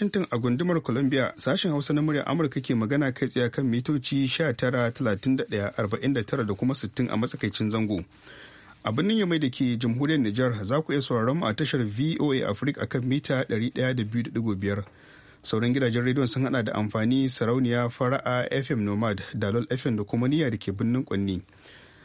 Washington a gundumar Columbia sashen Hausa na murya Amurka ke magana kai tsaye kan mitoci 19,31,49 da kuma 60 a matsakaicin zango. A birnin Yamai da ke jamhuriyar Nijar za ku iya sauraron mu a tashar VOA Africa akan mita 102.5. Sauran gidajen rediyon sun hada da amfani sarauniya fara'a FM Nomad, Dalol FM da kuma niyya da ke birnin Kwanni.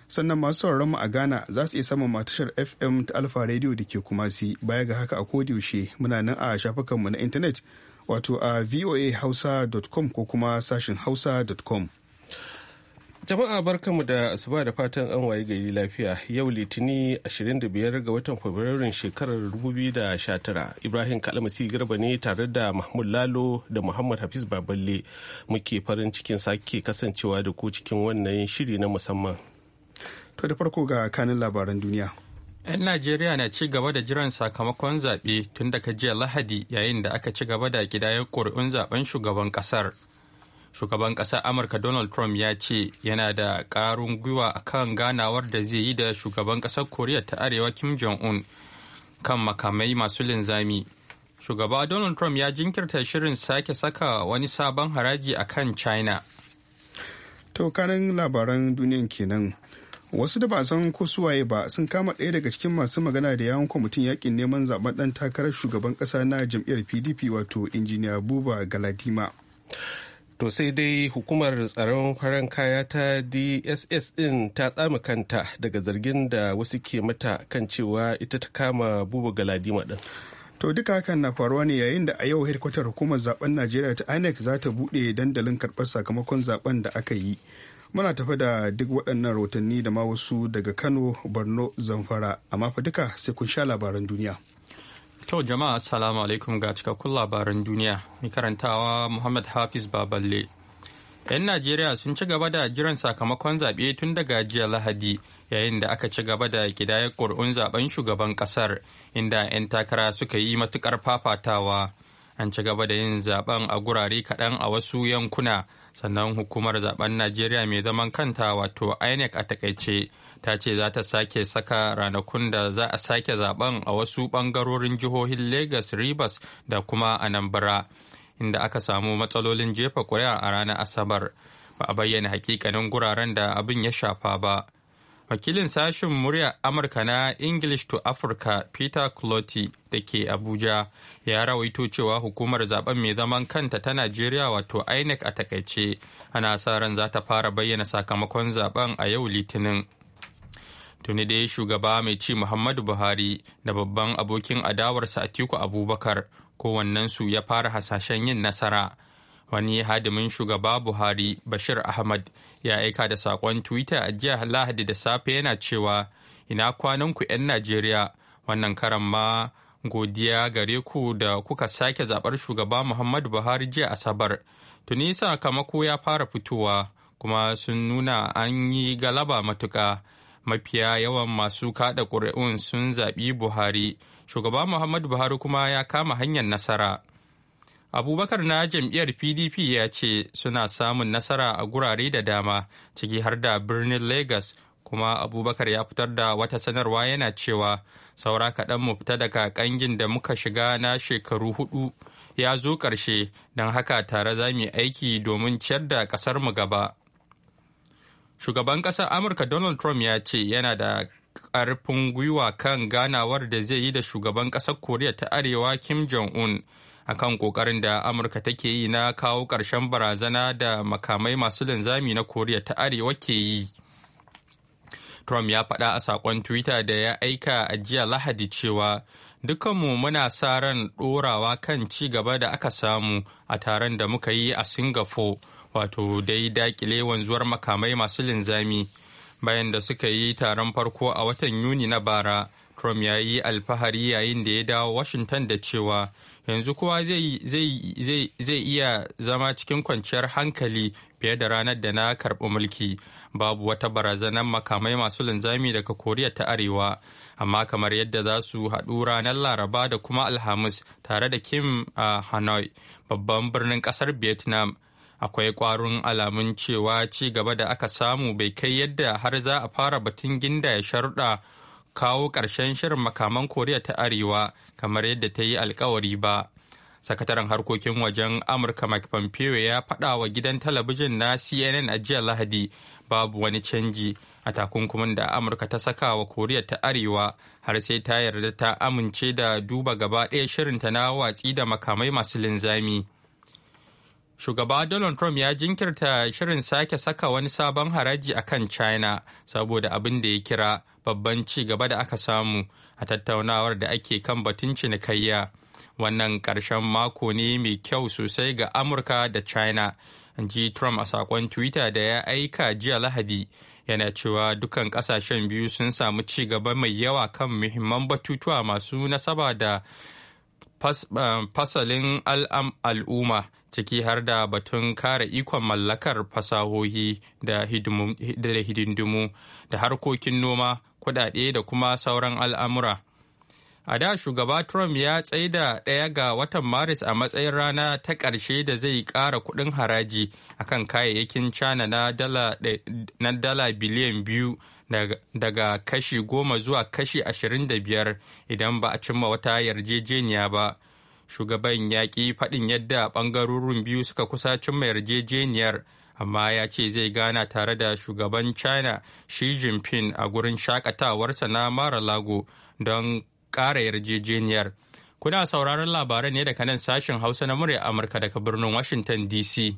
sannan masu sauraron mu a Ghana za su iya samun matashar FM ta Alfa Radio da ke Kumasi baya ga haka a yaushe muna nan a shafukanmu na intanet wato a voa voahausa.com ko kuma sashin hausa.com. Jama'a barkanmu da asuba da fatan an waye gari lafiya yau litini 25 ga watan fabrairu shekarar 2019 Ibrahim Kalmasi Garba ne tare da Mahmud Lalo da Muhammad Hafiz Baballe muke farin cikin sake kasancewa da ku cikin wannan shiri na musamman. To da farko ga kanin labaran duniya. 'Yan Najeriya na ci gaba da jiran sakamakon zaɓe tun daga jiya Lahadi yayin da aka ci gaba da kidayar ƙuri'un zaɓen shugaban ƙasar. Shugaban ƙasar Amurka Donald Trump ya ce yana da ƙarun gwiwa a kan ganawar da zai yi da shugaban ƙasar Koriya ta Arewa Kim Jong-un kan makamai masu linzami. Shugaba Donald Trump ya jinkirta shirin sake saka wani sabon haraji a kan China. To kanin labaran duniyan kenan. wasu da ba san ko suwaye ba sun kama ɗaya daga cikin masu magana da yawon kwamitin yakin neman zaben ɗan takarar shugaban ƙasa na jam'iyyar pdp wato injiniya buba galadima to sai dai hukumar tsaron farin kaya ta dss din ta tsami kanta daga zargin da wasu ke mata kan cewa ita ta kama buba galadima din to duka hakan na faruwa ne yayin da a yau hedkwatar hukumar zaben najeriya ta inec za ta buɗe dandalin karɓar sakamakon zaben da aka yi muna tafi da duk waɗannan rahotanni da ma wasu daga kano borno zamfara amma fa duka sai kun sha labaran duniya to jama'a assalamu alaikum ga cikakkun labaran duniya mai karantawa muhammad hafiz baballe 'yan najeriya sun ci gaba da jiran sakamakon zaɓe tun daga jiya lahadi yayin da aka ci gaba da kidayar ƙuri'un zaben shugaban ƙasar inda 'yan takara suka yi matuƙar fafatawa an ci gaba da yin zaben a gurare kaɗan a wasu yankuna sannan hukumar zaben najeriya mai zaman kanta wato inec a takaice ta ce za ta sake saka ranakun da za a sake zaben a wasu bangarorin jihohin lagos rivers da kuma anambra inda aka samu matsalolin jefa kuri'a a ranar asabar ba a bayyana hakikanin guraren da abin ya shafa ba wakilin sashen murya amurka na english to africa peter clotty da ke abuja ya rawaito cewa hukumar zaben mai zaman kanta ta najeriya wato inec a takaice ana sa ran za ta fara bayyana sakamakon zaben a yau litinin tuni dai shugaba mai ci muhammadu buhari da babban abokin adawarsa atiku abubakar kowannensu ya fara hasashen yin nasara wani hadimin shugaba buhari bashir ahmad ya aika da saƙon twitter a jiya lahadi da safe yana cewa ina kwananku 'yan najeriya wannan karan ma godiya gare ku da kuka sake zaɓar shugaba muhammadu buhari jiya asabar tuni sakamako ya fara fitowa kuma sun nuna an yi galaba matuƙa mafiya yawan masu kaɗa ƙuri'un sun zaɓi buhari shugaba muhammadu buhari kuma ya kama hanyar nasara abubakar na jam'iyyar pdp ya ce suna samun nasara a gurare da dama ciki har da birnin lagos kuma abubakar ya fitar da wata sanarwa yana cewa saura kaɗan mu fita daga ƙangin da muka shiga na shekaru hudu ya zo ƙarshe don haka tare za mu aiki domin ciyar da ƙasar mu gaba shugaban ƙasar amurka donald trump ya ce yana da ƙarfin gwiwa kan ganawar da zai yi da shugaban ƙasar koriya ta arewa kim jong-un akan kokarin da amurka take yi na kawo ƙarshen barazana da makamai masu linzami na koriya ta arewa ke yi trump ya faɗa a saƙon twitter da ya aika a jiya lahadi cewa dukkanmu muna sa ran ɗorawa kan ci gaba da aka samu a taron da muka yi a singapore wato dai dakile wanzuwar makamai masu linzami bayan da suka yi taron farko a watan yuni na bara trump ya yi alfahari yayin da ya dawo washington da cewa yanzu kowa zai iya zama cikin kwanciyar hankali fiye da ranar da na karɓi mulki babu wata barazanar makamai masu linzami daga koriya ta arewa amma kamar yadda za su haɗu ranar laraba da kuma alhamis tare da kim a hanoi babban birnin ƙasar vietnam akwai ƙwarin alamun cewa ci gaba da aka samu bai kai yadda har za a fara batun ginda ya sharuɗa kawo ƙarshen shirin makaman koriya ta arewa kamar yadda ta yi alkawari ba sakataren harkokin wajen amurka mike pompeo ya faɗa wa gidan talabijin na cnn a jiya lahadi babu wani canji a takunkumin da amurka ta saka wa koriya ta arewa har sai ta yarda ta amince da duba gaba ɗaya shirinta na watsi da makamai masu linzami. Shugaba Donald Trump ya jinkirta shirin sake saka wani sabon haraji a kan China saboda abin da ya kira babban ci gaba da aka samu a tattaunawar da ake kan batun cinikayya. Wannan ƙarshen mako ne mai kyau sosai ga Amurka da China, ji Trump a saƙon Twitter da ya aika jiya Lahadi. yana cewa dukan ƙasashen biyu sun samu ci gaba mai yawa kan muhimman batutuwa masu nasaba da eh, fasalin al'umma ciki har da batun kare ikon mallakar fasahohi da hidindimu da harkokin noma kudade da kuma sauran al'amura. A da shugaba Trump ya da ɗaya ga watan Maris a matsayin rana ta ƙarshe da zai ƙara kuɗin haraji a kan kayayyakin China na dala biliyan biyu daga kashi goma zuwa kashi ashirin da biyar idan ba a cimma wata yarjejeniya ba. shugaban ya ƙi faɗin yadda ɓangarorin biyu suka kusa cimma yarjejeniyar amma ya ce zai gana tare da shugaban china shi jinping a gurin shakatawarsa na mara lago don ƙara yarjejeniyar kuna sauraron labaran ne daga nan sashen hausa na murya amurka daga birnin washington dc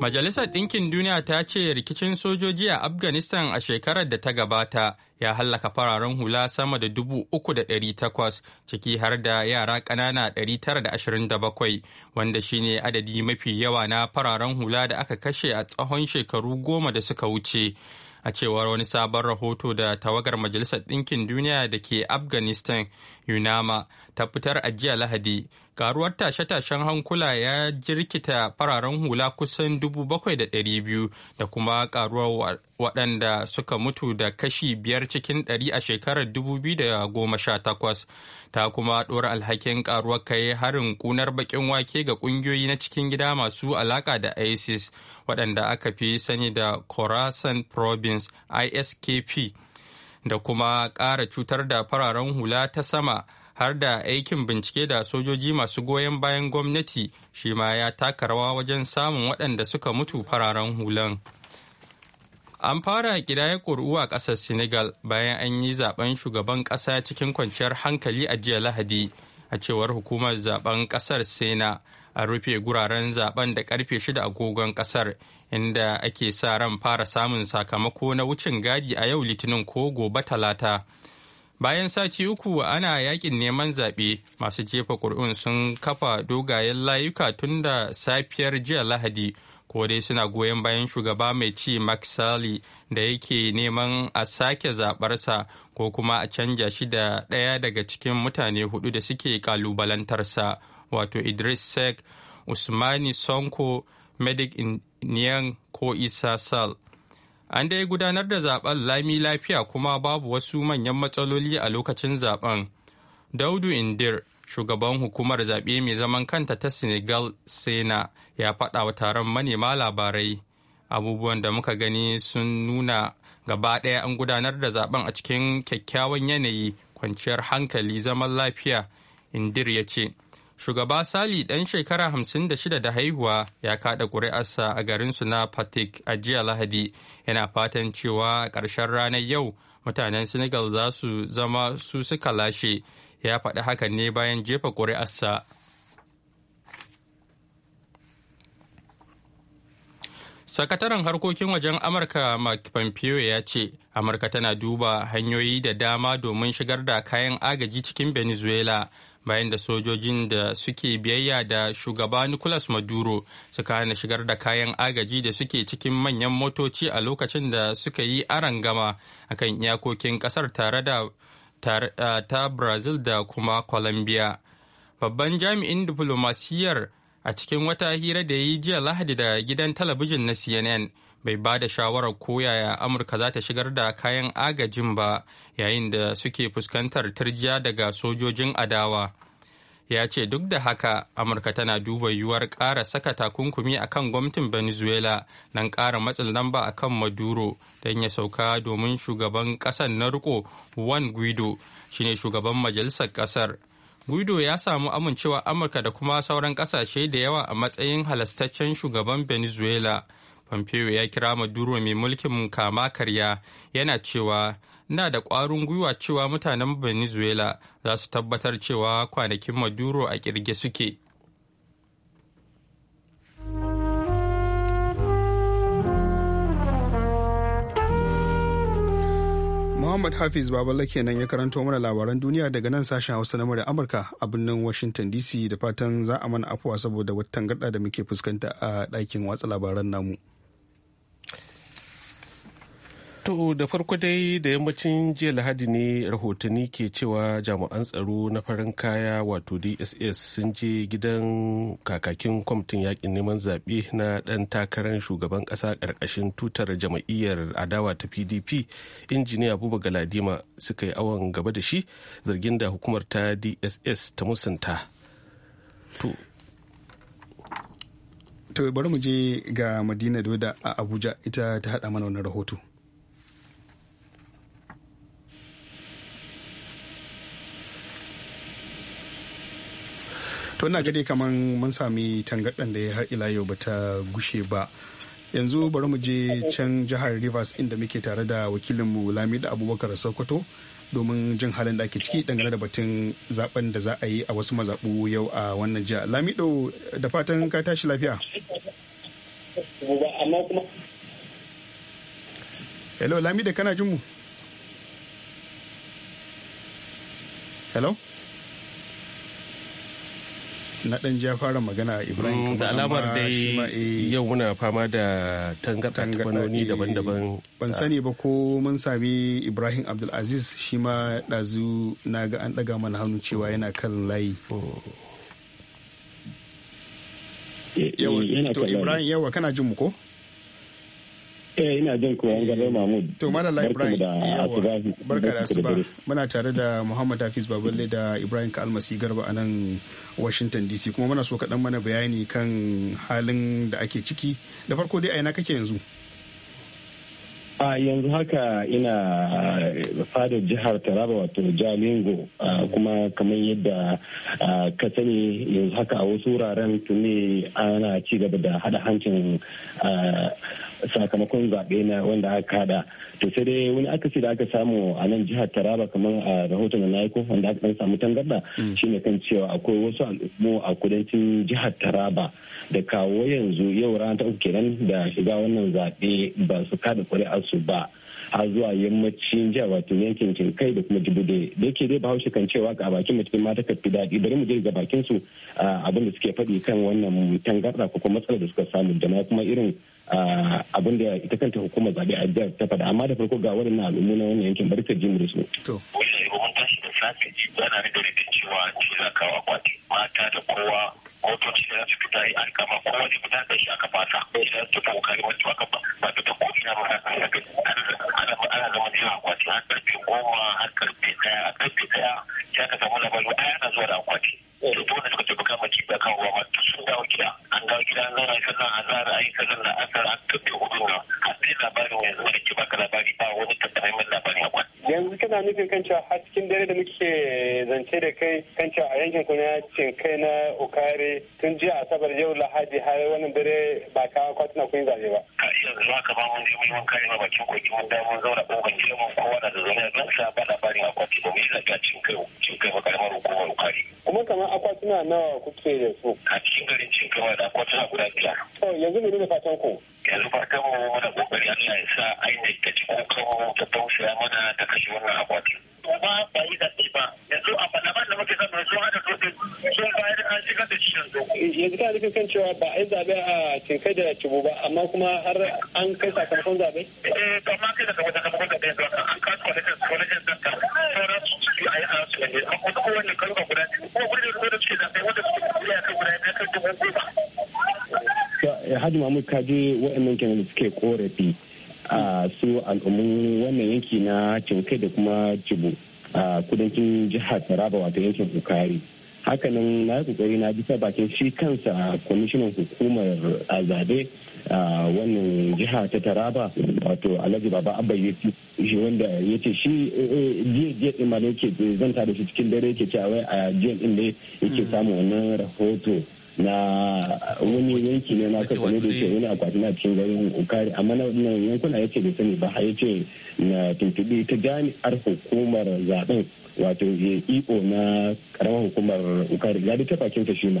Majalisar Ɗinkin Duniya ta ce rikicin sojoji a Afghanistan a shekarar da ta gabata ya hallaka fararen hula sama da dubu uku da ɗari takwas ciki har da yara ƙanana ɗari tara da ashirin da bakwai wanda shine adadi mafi yawa na fararen hula da aka kashe a tsawon shekaru goma da suka wuce. a cewar wani sabon rahoto da tawagar majalisar ɗinkin duniya da ke afghanistan UNAMA ta fitar a jiya lahadi karuwar tashe-tashen hankula ya jirkita fararen hula kusan 7,200 da kuma karuwar waɗanda suka mutu da kashi biyar cikin ɗari a shekarar 2018 ta kuma ɗora alhakin karuwar kai harin kunar baƙin wake ga ƙungiyoyi na cikin gida masu alaƙa da isis waɗanda aka fi sani da khorasan province iskp da kuma ƙara cutar da fararen hula ta sama har da aikin bincike da sojoji masu goyon bayan gwamnati shi ma ya taka rawa wajen samun waɗanda suka mutu fararen hulan. An fara kidaya ƙuri'u a ƙasar Senegal bayan an yi zaben shugaban ƙasa cikin kwanciyar hankali a jiya Lahadi, a cewar hukumar zaben ƙasar Sena a rufe guraren zaben da ƙarfe shida agogon ƙasar inda ake sa ran fara samun sakamako na wucin gadi a yau Litinin ko gobe Talata. bayan sati uku ana yakin neman zaɓe masu jefa ƙuri'un sun kafa dogayen layuka tun da safiyar jiya lahadi ko dai suna goyon bayan shugaba mai ci maxali da yake neman a sake zaɓarsa ko kuma a canja shi da ɗaya daga cikin mutane hudu da suke kalubalantarsa wato Idris Sek, Usmani Sonko, Medic ko Isa Sal. An dai gudanar da zaben lami lafiya kuma babu wasu manyan matsaloli a lokacin zaben. Daudu Indir, shugaban hukumar zaɓe mai zaman kanta ta Senegal Sena ya faɗa wa taron manema labarai. Abubuwan da muka gani sun nuna gaba ɗaya an gudanar da zaben a cikin kyakkyawan yanayi kwanciyar hankali zaman lafiya. Indir ya ce, shugaba sali ɗan shekara hamsin da shida da haihuwa ya kada ƙuri'arsa a garin su na patik a jiya lahadi yana fatan cewa ƙarshen ranar yau mutanen senegal za su zama su suka lashe ya faɗi hakan ne bayan jefa ƙuri'arsa sakataren harkokin wajen amurka mark pompeo ya ce amurka tana duba hanyoyi da dama domin shigar da kayan agaji cikin venezuela bayan da sojojin da suke biyayya da shugaba nicolas maduro suka hana shigar da kayan agaji da suke cikin manyan motoci a lokacin da suka yi arangama kan iyakokin kasar tare da ta brazil da kuma colombia babban jami'in diflomasiyyar a cikin wata hira da ya yi jiya lahadi da gidan talabijin na cnn bai ba da shawarar koyaya amurka za ta shigar da kayan agajin ba yayin da suke fuskantar turjiya daga sojojin adawa ya ce duk da haka amurka tana duba yiwuwar ƙara saka takunkumi a kan gwamnatin venezuela don ƙara matsin lamba a kan maduro don ya sauka domin shugaban ƙasar na riko juan guido shine shugaban majalisar ƙasar guido ya samu amincewa amurka da kuma sauran ƙasashe da yawa a matsayin halastaccen shugaban venezuela pompeo ya kira maduro mai mulkin kama karya yana cewa na da ƙwarin gwiwa cewa mutanen venezuela za su tabbatar cewa kwanakin maduro a kirge suke Muhammad Hafiz Babala kenan ya karanto mana labaran duniya daga nan sashen Hausa na murya Amurka a birnin Washington DC da fatan za a mana afuwa saboda wata tangarɗa da muke fuskanta a ɗakin watsa labaran namu. To da farko dai da yammacin jiya Lahadi ne rahotanni ke cewa jami'an tsaro na farin kaya wato DSS sun je gidan kakakin kwamitin yakin neman zaɓe na ɗan takarar shugaban ƙasa ƙarƙashin tutar jama'iyyar adawa ta PDP injiniya Buba Galadima suka yi awon gaba da shi zargin da hukumar ta DSS ta musanta. To bari mu je ga Madina a Abuja ita ta haɗa mana wannan rahoto. to ina gade kaman mun sami tangardan da ya har ila yau bata gushe ba yanzu bari mu je can jihar rivers inda muke tare da wakilinmu lamida abubakar sokoto domin jin halin da ake ciki dangane da batun zaben da za a yi a wasu mazaɓu yau a wannan jiya lamido da fatan ka tashi lafiya hello lamido kana jin mu hello na dan ja fara magana Ibrahim mm, da alamar dai eh, yau muna fama da tangata tabanoni eh, daban-daban ban sani ba ko mun sami Ibrahim Abdulaziz shi ma dazu na ga an daga mana hannu cewa yana kan layi mm. eh, yawa to Ibrahim yawa kana jin mu ko Eh, ina jin ku an gabe Mahmud. To Malala barka da asuba muna tare da Muhammad Hafiz Baballe da Ibrahim Kalmasi Garba a nan Washington DC kuma muna so kaɗan mana bayani kan halin da ake ciki da farko dai aina kake yanzu. a yanzu haka ina eh, fadar jihar taraba wato jalingo kuma kamar yadda ka sani yanzu haka a wasu wuraren tuni ana ci gaba da hada hancin sakamakon zaɓe na wanda aka kada to sai dai wani akasi da aka samu a nan jihar taraba kamar a rahoton da na aiko wanda aka dan samu tangarda mm. shine kan cewa akwai wasu al'ummu a kudancin jihar taraba da kawo yanzu yau rana ta uku kenan da shiga wannan zaɓe ba su kada su ba a zuwa yammacin jihar wato yankin cinkai da kuma jibude da yake dai bahaushe kan cewa ga bakin mutum ma ta kafi daɗi bari mu je ga bakin su abin da suke faɗi kan wannan tangarɗa ko kuma matsalar da suka samu da kuma irin abin da ita kanta hukumar zaɓe a jihar ta faɗa amma da farko ga waɗannan al'ummu na wannan yankin bari ka ji mu da su. To. Mun tashi da safe ji bana da rikin cewa ce za kawo akwati mata da kowa motoci da su fita yi an kama kowa ne guda da shi aka fata idan su ta kokari wacce aka ba ba ta ta ko'ina ba haka ya gani ana zama jiran kwati har karfe goma har karfe ɗaya a karfe ɗaya ya ka samu labarin ɗaya na zuwa da akwati. duk wanda suka tafi kama kifi kan ruwa ma duk sun dawo gida an dawo gida an zauna sannan a zara an yi sannan na asar an tafi hudun nan har sai labarin yanzu mana ke baka labari ba wani tattaimai labarin akwai. yanzu kana nufin kan cewa har cikin dare da muke zance da kai kan cewa a yankin na cin kai na okare tun jiya asabar yau lahadi har wannan dare ba ka kwatuna kun zaɓe ba. a yanzu haka ba mun je mun yi wanka bakin kogi mun dawo mun ɓangon kowa da sa ba labarin akwati ba mu yi lafiya cin kai cin kai ba karamar hukumar okare. kuma kamar akwatuna nawa kuke da su a cikin garin cin kawai da akwatuna guda biyar to yanzu ne fatan ku yanzu fatan mu muna kokari Allah ya sa ainihin ta ci kokarin ta tausaya mana ta kashe wannan akwatin to ba ba yi zaɓe ba yanzu a falaban da muke zama sun hada dutse sun bayar an shigar da shi yanzu. yanzu ka nufin kan cewa ba a yi zaɓe a cinkai da cibu ba amma kuma har an kai sakamakon zaɓe. eh to amma kai da sakamakon zaɓe yanzu an kai kwalitin kwalitin zan ka sauran su su a yi a su yanzu an kuma kowanne karuka guda ko gudu da suke zaɓe wanda suke zaɓe a kan guda biyu kan dubu goma. Hadi Mahmud ka je waɗannan kenan da suke korafi. a su al'ummun wannan yanki na cinkai da kuma cibo a kudancin jihar taraba wato yankin bukari hakanan na yi kokari na bisa bakin shi kansa kwamishinan hukumar zabe a wannan jiha ta taraba wato alhaji baba abba wanda ya ce shi eh, eh, jiya jiya ɗin ma ne ke eh, zanta da shi cikin dare ke cewa wai a jiya ɗin ne yake samun wannan rahoto na wani yanki ne na kasa da ke wani akwati na cikin garin ukari amma na wannan yankuna ya ce da sani ba yace ya ce na tuntubi ta jami'ar hukumar zaben wato ya e iko na karamar hukumar ukari ya bi ta bakin ta shi ma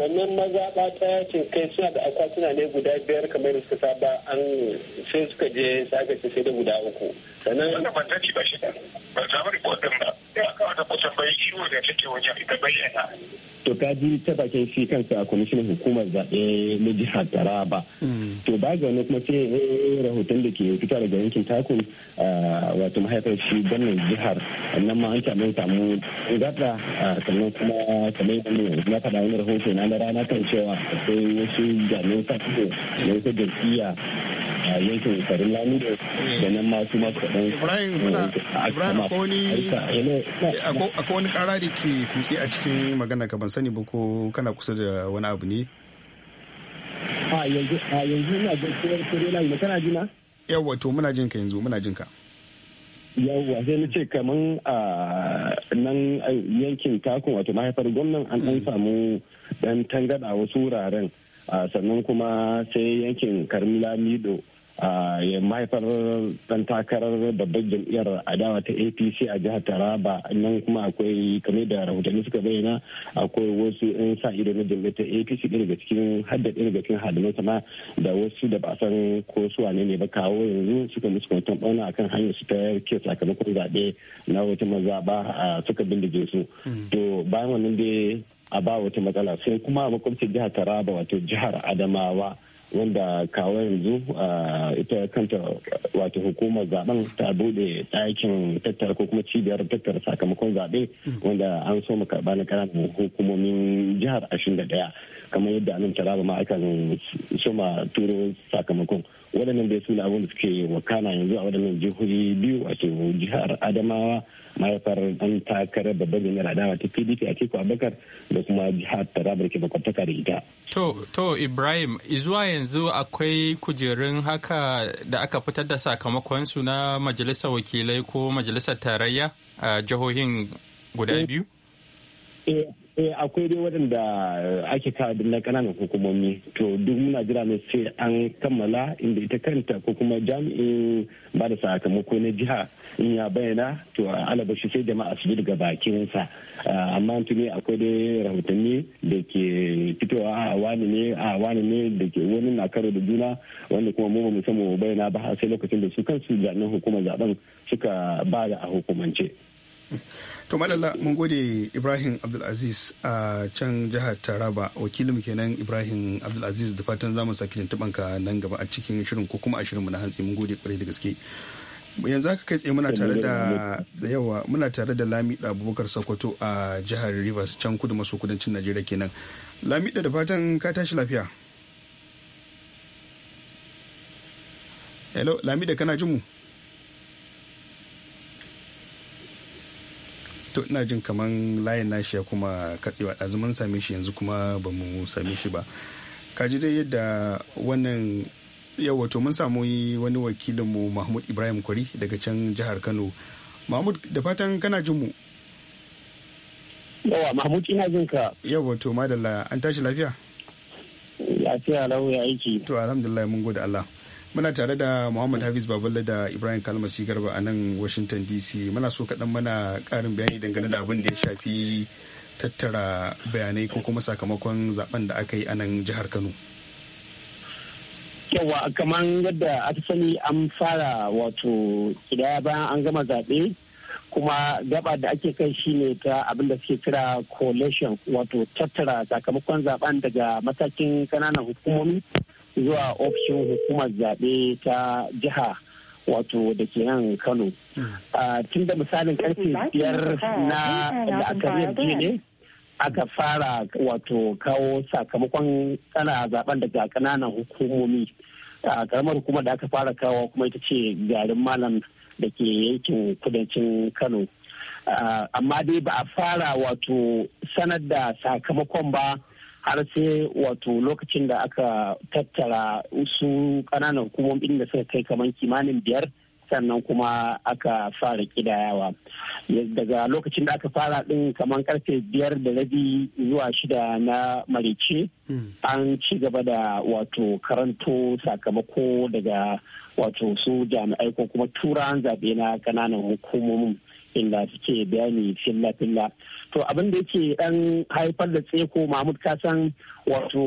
wannan mazaɓa ta ce kai suna da akwatuna ne guda biyar kamar da suka saba an sai suka je sai aka ce sai da guda uku sannan ta ci ba shi ba samu report ɗin ba To ka ji ta bakin shi kansa a kwamishinan hukumar zaɓe na jihar Taraba. Mm. To ba ga wani kuma ce eh, rahoton da ke fita daga yankin takun ah, wato mahaifar shi gwamnan jihar nan ma an samu samu gata ah, sannan kuma kamar yadda na faɗa wani rahoton na rana kan cewa akwai wasu jami'an sa da wasu jam'iyya yankin garin lamido da nan ma su masu kaɗan ibrahim muna ibrahim akwai wani kara eh, da ke kutse a cikin magana ka ban sani ba ko kana kusa da wani abu ne a yanzu ina jin na kana jina yawwa to muna jin ka yanzu muna jin ka yawwa sai na ce kaman a nan yankin takun wato mahaifar gwamnan an dan mm. samu dan tangada wasu wuraren sannan kuma sai yankin karmila mido ya mahaifar dan takarar babbar jam'iyyar adawa ta apc a jihar taraba nan kuma akwai kamar da rahotanni suka bayyana akwai wasu yan sa ido na jam'iyyar ta apc ɗin daga cikin hadda ɗin daga cikin sama da wasu da ba san ko su wane ne ba kawo yanzu suka musu kwanton ɓauna akan hanyar su ta ke sakamakon zaɓe na wata mazaɓa suka bindige su hmm. to bayan wannan dai a ba wata matsala sai kuma makwabcin jihar taraba wato jihar adamawa wanda kawo yanzu ita kanta wato hukumar zaben ta bude ɗakin tattara ko kuma cibiyar tattara sakamakon zaɓe wanda an so mu karɓa na ƙananan hukumomin jihar ashirin da ɗaya kamar yadda anan taraba ma akan soma turo sakamakon waɗannan da suna abin da suke wakana yanzu a waɗannan jihohi biyu wato jihar adamawa mahaifar an takarar babban jami'ar adawa ta pdp a teku abubakar da kuma jihar taraba da ke makwabtaka da ita. to to ibrahim zuwa yanzu akwai kujerun haka da aka fitar da sakamakon su na majalisar wakilai ko majalisar tarayya a jihohin guda eh, biyu? Eh, eh akwai dai waɗanda eh, ake kawo da na ƙananan hukumomi to duk muna jira ne sai an kammala inda ita kanta ko kuma jami'in ba da sakamako na jiha in ya bayyana to alabashi sai jama'a su daga bakinsa eh, amma tuni akwai dai rahotanni da ke fitowa a ah, wani ne a ah, wani ne da ke wani na karo da juna wanda kuma mu mu san mu bayyana ba sai lokacin da su kansu jami'an hukumar zaben suka ba da a hukumance. to madalla mun gode ibrahim abdulaziz a can jihar taraba wakilin kenan ibrahim abdulaziz da fatan zamu saki tuntubanka nan gaba a cikin shirin ko kuma a shirin mu na hantsi mun gode kwarai da gaske yanzu haka kai tsaye muna tare da yawa muna tare da da abubakar sokoto a jihar rivers can kudu maso kudancin najeriya kenan lami da fatan ka tashi lafiya hello da kana jin mu to ina jin kaman layin nashi ya kuma katsewa ɗazu mun same shi yanzu kuma ba mu same shi ba kaji dai yadda wannan yau wato mun samu wani wakilinmu mahmud ibrahim kwari daga can jihar kano mahmud da fatan kana jin mu yawa mahmud ina jin ka yau wato madalla an tashi lafiya lafiya lau ya aiki to alhamdulillah mun gode allah muna tare da muhammad hafiz baballe da ibrahim kalmasi garba a nan washington dc muna so kaɗan mana ƙarin bayani dangane da abin da ya shafi tattara bayanai ko kuma sakamakon zaben da aka yi a nan jihar kano yawa kamar yadda aka sani an fara wato kidaya bayan an gama zaɓe kuma gaba da ake kai shine ta abin da suke kira collation wato tattara sakamakon zaben daga matakin ƙananan hukumomi zuwa ofishin hukumar zaɓe ta jiha wato da ke nan kano tun da misalin karfe biyar na la'akariyar jiya ne aka fara wato kawo sakamakon tsana zaben daga kananan hukumomi karamar hukumar da aka fara kawo kuma ita ce garin malam da ke yankin kudancin kano amma dai ba a fara wato sanar da sakamakon ba har sai wato lokacin da aka tattara su ƙananan hukumomin da suka kai kamar kimanin biyar sannan kuma aka fara kidayawa daga lokacin da aka fara din kamar karfe biyar da rabi zuwa shida na marice hmm. an ci gaba da wato karanto sakamako daga wato su jami'ai ko kuma turan zaɓe na kananan hukumomin da suke bayani filla filla to abin da yake dan haifar da tseko mahmud kasan wato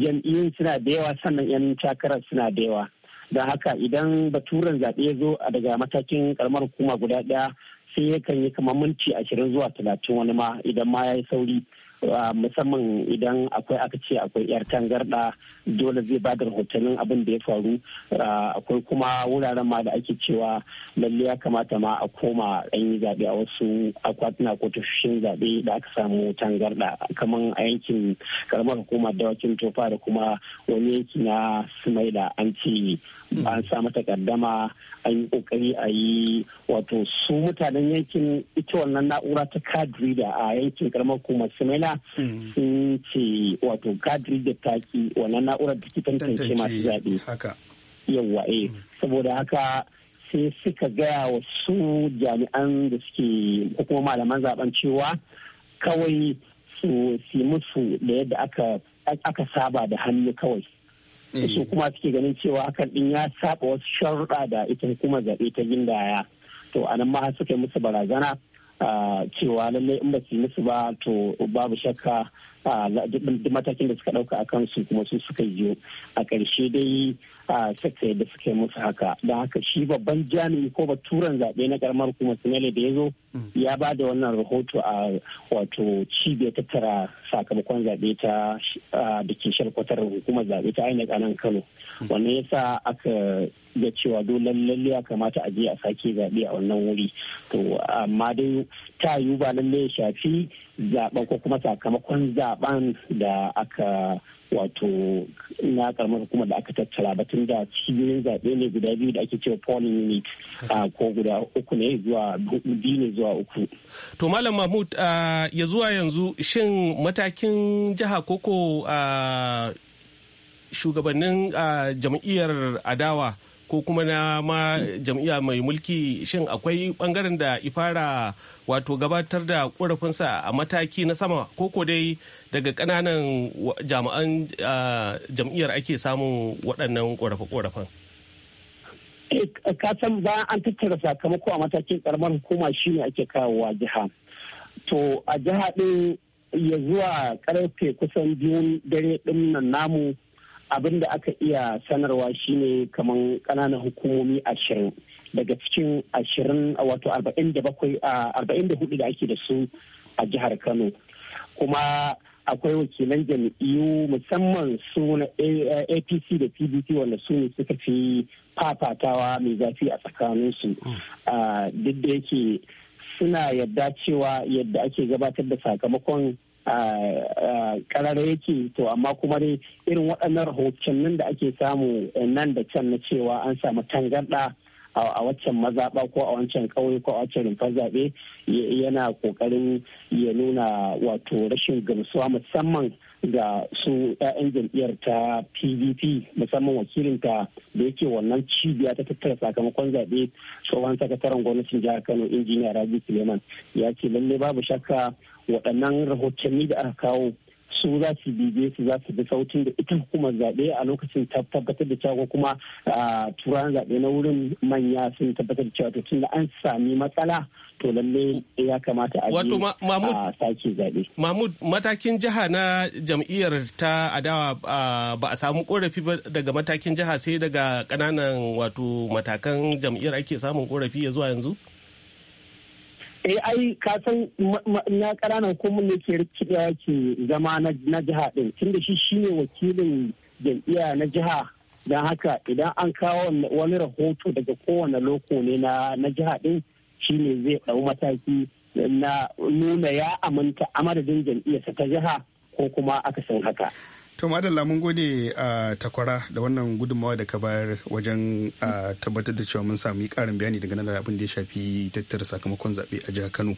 jam'iyyun suna da yawa sannan yan takarar suna da yawa don haka idan baturen zaɓe ya zo a daga matakin karamar hukuma guda ɗaya sai yakan yi kamar minti ashirin zuwa talatin wani ma idan ma ya yi sauri Ah, musamman idan akwai aka ce akwai yar tangarɗa dole zai bada da rahotannin abin da ya faru ah, akwai kuma wuraren ma da ake cewa lalle ya kamata ma a koma an yi zaɓe a wasu akwatuna ko tashoshin zaɓe da aka samu tangarɗa kamar a yankin karamar hukumar dawakin tofa da kuma wani yanki na sumaida an ce an samu takaddama an yi kokari a yi wato su mutanen yankin ita wannan na'ura ta kadri da a yankin karamar kuma simena hmm. sun ce wato kadri da taki wannan na'urar da ke tantance masu zaɓe yawwa eh hmm. saboda haka sai suka gaya wa su jami'an da suke ko kuma malaman zaben cewa kawai su musu da yadda aka saba da hannu kawai Eh. su kuma suke ganin cewa hakan din ya saba wasu sharuɗa da ita hukumar zaɓe ta gindaya to anan ma suka yi musu barazana ah, cewa lallai in ba su yi musu ba to babu shakka matakin da suka ɗauka a kansu kuma su suka yi a ƙarshe dai suka da suka yi musu haka da haka shi babban jami'i ko baturen zaɓe na karamar kuma sinale da ya zo hmm. ya ba da wannan rahoto a wato cibiyar tattara sakamakon zaɓe ta da ke shalkwatar hukumar zaɓe ta ainihin kanan kano hmm. wannan yasa aka ga cewa dole lalle ya kamata a je a sake zaɓe a wannan wuri to amma dai ta yiwu ba lalle ya shafi zaɓen ko kuma sakamakon zaɓe zaben da aka wato na karamar hukumar da aka tattara ba tun da cikin zaɓe ne guda biyu da ake cewa polling unit ko guda uku ne zuwa biyu ne zuwa uku. To Malam Mahmud ya zuwa yanzu shin matakin jiha koko shugabannin jam'iyyar adawa ko kuma na ma jam'iyya mai mulki shin akwai bangaren da ifara wato gabatar da ƙorafinsa a mataki na sama ko ko dai daga ƙananan jami'an jam'iyyar ake samun waɗannan korafe-korafen eh, kasan bayan an tattara sakamako a matakin karamar hukuma shine ake kawowa jiha to a jiha ɗin ya zuwa karfe kusan biyun dare ɗin nan namu abin da aka iya sanarwa shine kamar ƙananan hukumomi ashirin daga cikin ashirin wato arba'in da hudu da ake da su a jihar kano kuma akwai wakilan jam'iyyu musamman su na apc eh, da pdp wanda su ne suka fi fafatawa mai zafi a tsakaninsu duk da yake suna yadda cewa yadda ake gabatar da sakamakon karara yake to amma kuma dai irin waɗannan rahoton nan da ake samu eh, nan da can na cewa an samu tangarɗa a waccan mazaɓa ko a wancan ƙauye ko a wancan rumfar zaɓe yana ƙoƙarin ya nuna wato rashin gamsuwa musamman ga su 'ya'yan jam'iyyar ta pdp musamman wakilinta da yake wannan cibiya ta tattara sakamakon zaɓe tsohon sakataren gwamnatin jihar kano injiniya rabi suleiman ya ce lalle babu shakka waɗannan rahotanni da aka kawo su za su bibiye su za su bi sautin da ita hukumar zaɓe a lokacin ta tabbatar da cewa kuma turan zaɓe na wurin manya sun tabbatar da cewa tun da an sami matsala to lalle ya kamata a wato sake zaɓe. Mahmud matakin jiha na jam'iyyar ta adawa ba a samu korafi ba daga matakin jiha sai daga ƙananan wato matakan jam'iyyar ake samun korafi ya zuwa yanzu? eh ai ka san na ƙananan komai ne ke ke zama na jiha ɗin da shi shine wakilin jam'iyya na jiha don haka idan an kawo wani rahoto daga kowane loko ne na jiha ɗin ne zai ɗau mataki na nuna ya aminta a madadin jam'iyyarsa ta jiha ko kuma aka san haka. to madalla mun gode a takwara da wannan gudunmawa da ka bayar wajen tabbatar da cewa mun sami karin bayani daga nan da abin da ya shafi tattara sakamakon zaɓe a jihar kano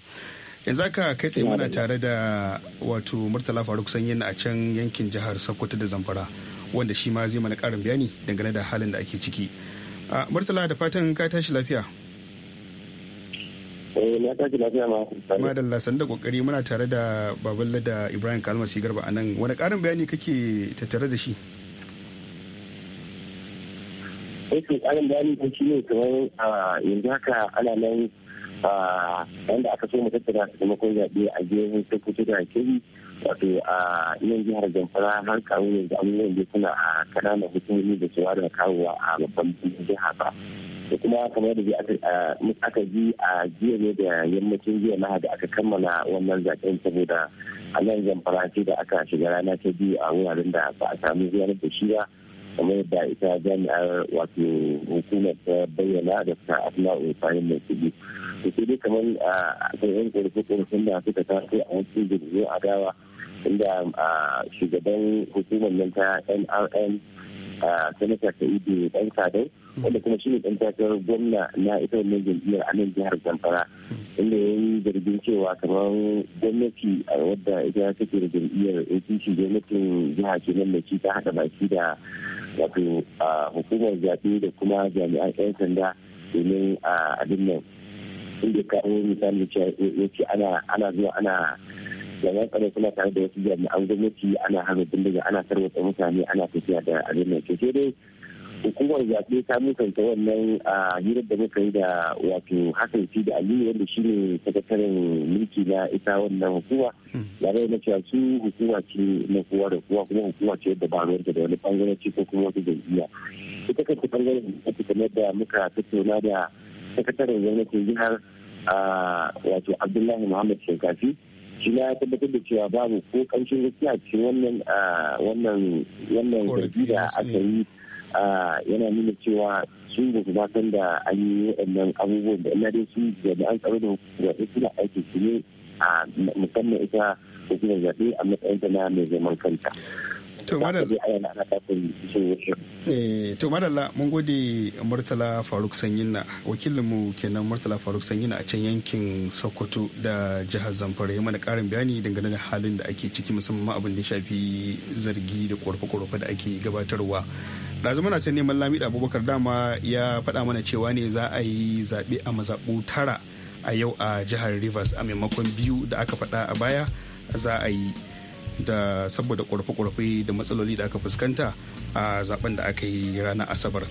yanzu aka kai tsaye mana tare da wato murtala faruk sanyin a can yankin jihar sokoto da zamfara wanda shi ma zai mana karin bayani dangane da halin da ake ciki murtala da fatan ka tashi lafiya Eh, Madalla da kokari muna tare da Baballa da Ibrahim Kalmasi Garba a nan. Wani karin bayani kake tattare da shi? Ake eh, karin bayani ko shi ne kamar yanzu haka ana nan wanda aka so mu tattara makon zaɓe a jihar ta kusa da kiri wato a yin jihar Zamfara har kawo da abubuwan da suna a kananan hukumomi da cewa da kawowa a babban jiha ba. da kuma kamar da aka ji a jiya ne da yammacin jiya na da aka kammala wannan zaben saboda a nan jamfara ce da aka shiga rana ta biyu a wuraren da ba a samu ziyarar da shi ba kamar yadda ita jami'ar wato hukumar ta bayyana da ta a fahim mai da sai dai kamar a yan ƙorafe-ƙorafen da suka taso a wasu jirgin adawa inda shugaban hukumar nan ta nrn sanata ibe dan sadau wanda kuma shi ne dan takarar gwamna na ita wannan jam'iyyar a nan jihar zamfara inda ya yi zargin cewa kamar gwamnati a wadda ita take da jam'iyyar apc gwamnatin jiha nan da shi ta haɗa baki da wato hukumar zaɓe da kuma jami'an 'yan sanda domin a abin inda ya kawo misali eh, ya ce ana zuwa ana jami'an tsaro suna tare da wasu jami'an gwamnati ana hana bindiga ana tarwatsa mutane ana tafiya da abin nan ke dai hukumar zaɓe ta mutunta wannan a hirar da muka yi da wato hakan shi da aliyu wanda shi ne sakataren mulki na ita wannan hukuma ya bai na cewa su hukuma ce na kowa da kowa kuma hukuma ce yadda ba da wani bangaranci ko kuma wata jam'iyya ita kanta bangaren da muka tattauna da sakataren gwamnatin jihar wato abdullahi muhammad shinkafi shi na ya tabbatar da cewa babu ko kancin gaskiya ce wannan wannan da aka yi yana nuna cewa sun da kuma san da an yi waɗannan abubuwan da ina dai su da an tsaro da wasu suna aiki su ne a musamman ita suna zaɓe a matsayin ta na mai zaman kanta. Eh, to madalla mun gode murtala faruk sanyina wakilinmu kenan murtala faruk sanyina a can yankin sokoto da jihar zamfara ya mana karin bayani dangane da halin da ake ciki musamman abin da shafi zargi da korafe-korafe da ake gabatarwa ɗazu muna can neman lamida abubakar dama ya faɗa mana cewa ne za a yi zaɓe a mazaɓu tara a yau a jihar rivers a maimakon biyu da aka faɗa a baya za a yi da saboda kurfe-kurfe da matsaloli da aka fuskanta a zaben da aka yi ranar asabar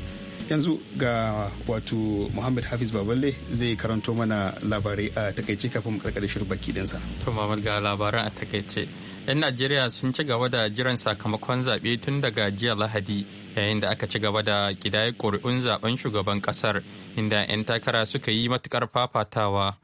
yanzu ga wato muhammad hafiz baballe zai karanto mana labarai a takaice kafin karkar shirin baki dinsa to mamad ga labaran a takaice yan najeriya sun ci gaba da jiran sakamakon zaɓe tun daga jiya lahadi yayin da aka ci gaba da kidayar ƙuri'un zaben shugaban ƙasar inda 'yan takara suka yi matukar fafatawa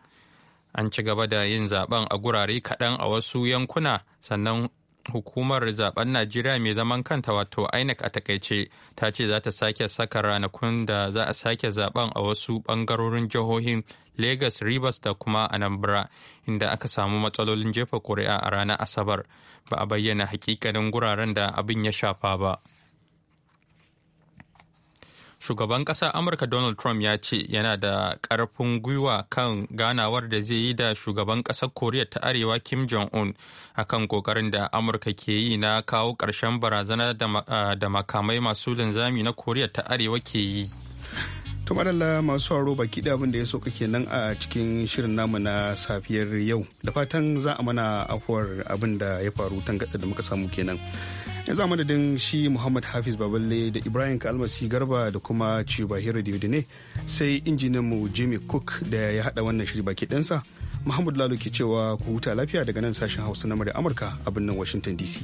an ci gaba da yin zaben a gurare kaɗan a wasu yankuna sannan hukumar zaben najeriya mai zaman kanta wato inec a takaice ta ce za ta sake saka ranakun da za a sake zaben a wasu ɓangarorin jihohin lagos rivers da kuma anambra inda aka samu matsalolin jefa kuri'a a ranar asabar ba a bayyana hakikanin guraren da abin ya shafa ba. shugaban ƙasa amurka donald trump ya ce yana da ƙarfin gwiwa kan ganawar da zai yi da shugaban ƙasar koriya ta arewa kim jong-un akan ƙoƙarin da amurka ke yi na kawo ƙarshen barazana da makamai masu linzami na koriya ta arewa ke yi to madalla masu haro baki da abin da ya so kake nan a cikin shirin namu na safiyar yau da fatan za a mana afuwar abin da ya faru tangata da muka samu kenan ya madadin shi muhammad hafiz baballe da ibrahim kalmasi garba da kuma da ne sai mu jimmy cook da ya haɗa wannan shiri baki ɗansa muhammad lalu ke cewa ku huta lafiya daga nan sashen hausa na amurka a birnin washington dc